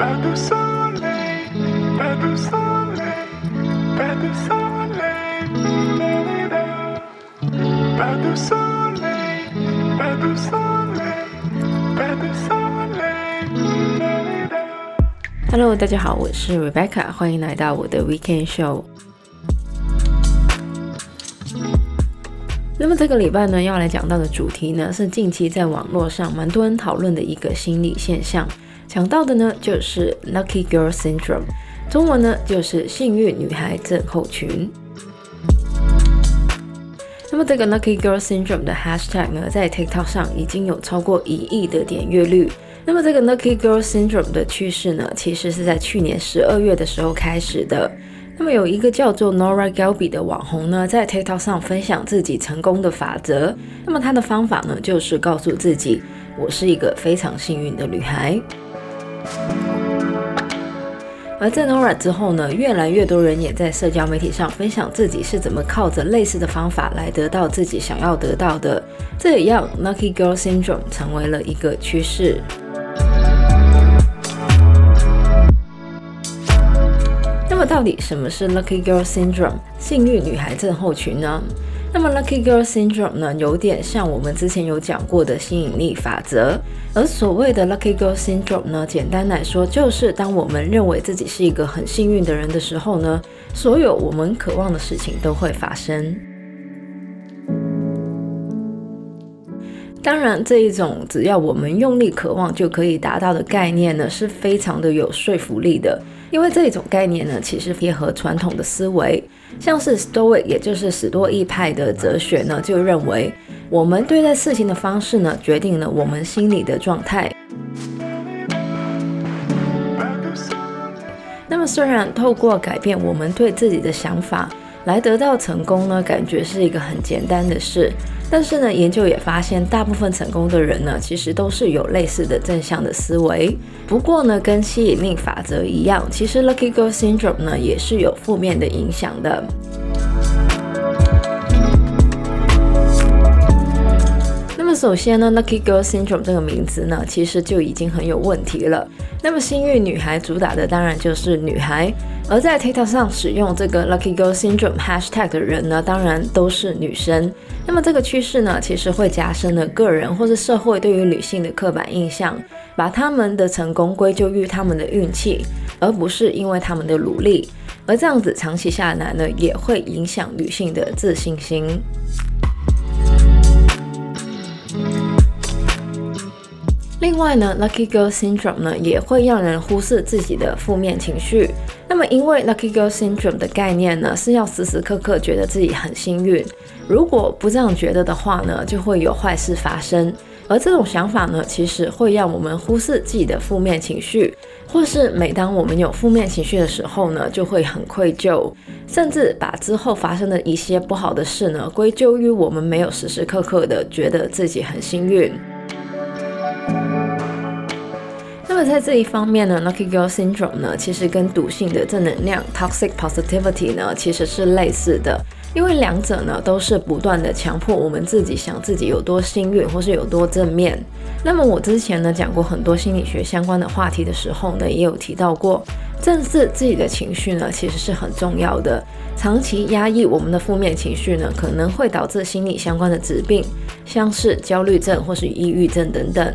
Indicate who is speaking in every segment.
Speaker 1: Hello，大家好，我是 Rebecca，歡迎來到我的 Weekend Show。那麼這個禮拜呢，要來講到的主題呢，是近期在網絡上蠻多人討論的一個心理現象。講到的呢，就是 Lucky Girl Syndrome，中文呢就是幸運女孩症候群。那麼這個 Lucky Girl Syndrome 的 hashtag 呢，在 TikTok 上已經有超過一億的點閱率。那麼這個 Lucky Girl Syndrome 的趨勢呢，其實是在去年十二月的時候開始的。那麼有一個叫做 Nora Galbi 的網紅呢，在 TikTok 上分享自己成功的法則。那麼她的方法呢，就是告訴自己，我是一個非常幸運的女孩。而在 Nora 之後呢，越來越多人也在社交媒體上分享自己是怎麼靠着類似的方法來得到自己想要得到的，這也讓 Lucky Girl Syndrome 成為了一個趨勢。那麼，到底什麼是 Lucky Girl Syndrome 幸運女孩症候群呢？那麼 Lucky Girl Syndrome 呢，有點像我們之前有講過的吸引力法則。而所謂的 Lucky Girl Syndrome 呢，簡單來說就是當我們認為自己是一個很幸運的人的時候呢，所有我們渴望的事情都會發生。當然，這一種只要我們用力渴望就可以達到的概念呢，是非常的有說服力的。因為這一種概念呢，其實也合傳統的思維，像是 Stoic，也就是史多義派的哲學呢，就認為我們對待事情的方式呢，決定了我們心理的狀態。那麼，雖然透過改變我們對自己的想法，來得到成功呢，感覺是一個很簡單的事。但是呢，研究也發現，大部分成功的人呢，其實都是有類似的正向的思維。不過呢，跟吸引力法則一樣，其實 Lucky Girl Syndrome 呢，也是有負面的影響的。首先呢，Lucky Girl Syndrome 這個名字呢，其實就已經很有問題了。那麼幸運女孩主打的當然就是女孩，而在 TikTok 上使用這個 Lucky Girl Syndrome Hashtag 的人呢，當然都是女生。那麼這個趨勢呢，其實會加深了個人或是社會對於女性的刻板印象，把她們的成功歸咎於她們的運氣，而不是因為她們的努力。而這樣子長期下來呢，也會影響女性的自信心。另外呢，Lucky Girl Syndrome 呢也會讓人忽視自己的負面情緒。那麼，因為 Lucky Girl Syndrome 的概念呢是要時時刻刻覺得自己很幸運，如果不這樣覺得的話呢，就會有壞事發生。而這種想法呢，其實會讓我們忽視自己的負面情緒，或是每當我們有負面情緒的時候呢，就會很愧疚，甚至把之後發生的一些不好的事呢歸咎於我們沒有時時刻刻的覺得自己很幸運。在這一方面呢 Lucky Girl Syndrome 呢，其實跟毒性的正能量 （Toxic Positivity） 呢，其實是類似的，因為兩者呢都是不斷的強迫我們自己想自己有多幸運或是有多正面。那麼我之前呢講過很多心理學相關的話題的時候呢，也有提到過，正視自己的情緒呢，其實是很重要的。長期壓抑我們的負面情緒呢，可能會導致心理相關的疾病，像是焦慮症或是抑鬱症等等。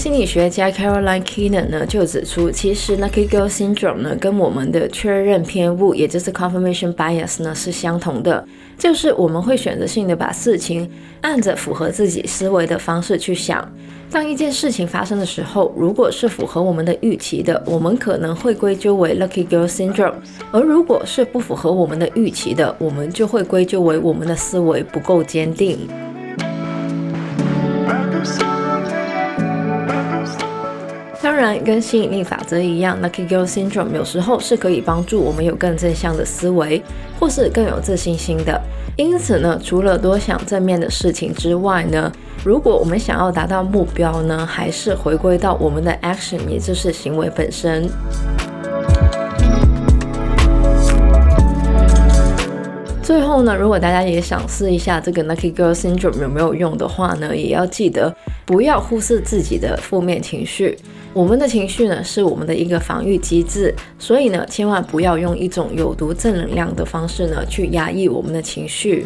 Speaker 1: 心理學家 Caroline Keenan 呢就指出，其實 Lucky Girl Syndrome 呢跟我們的確認偏誤，也就是 Confirmation Bias 呢是相同的，就是我們會選擇性的把事情按着符合自己思維的方式去想。當一件事情發生的時候，如果是符合我們的預期的，我們可能會歸咎為 Lucky Girl Syndrome；而如果是不符合我們的預期的，我們就會歸咎為我們的思維不夠堅定。跟吸引力法則一樣，Lucky Girl Syndrome 有時候是可以幫助我們有更正向的思維，或是更有自信心的。因此呢，除了多想正面的事情之外呢，如果我們想要達到目標呢，還是回歸到我們的 action，也就是行為本身。最後呢，如果大家也想試一下這個 Lucky Girl Syndrome 有沒有用的話呢，也要記得不要忽視自己的負面情緒。我們的情緒呢，是我們的一個防禦機制，所以呢，千萬不要用一種有毒正能量的方式呢，去壓抑我們的情緒。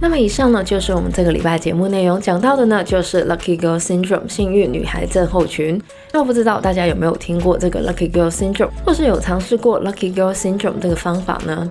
Speaker 1: 那麼，以上呢，就是我們這個禮拜節目內容講到的呢，就是 Lucky Girl Syndrome 幸運女孩症候群。那我不知道大家有沒有聽過這個 Lucky Girl Syndrome，或是有嘗試過 Lucky Girl Syndrome 這個方法呢？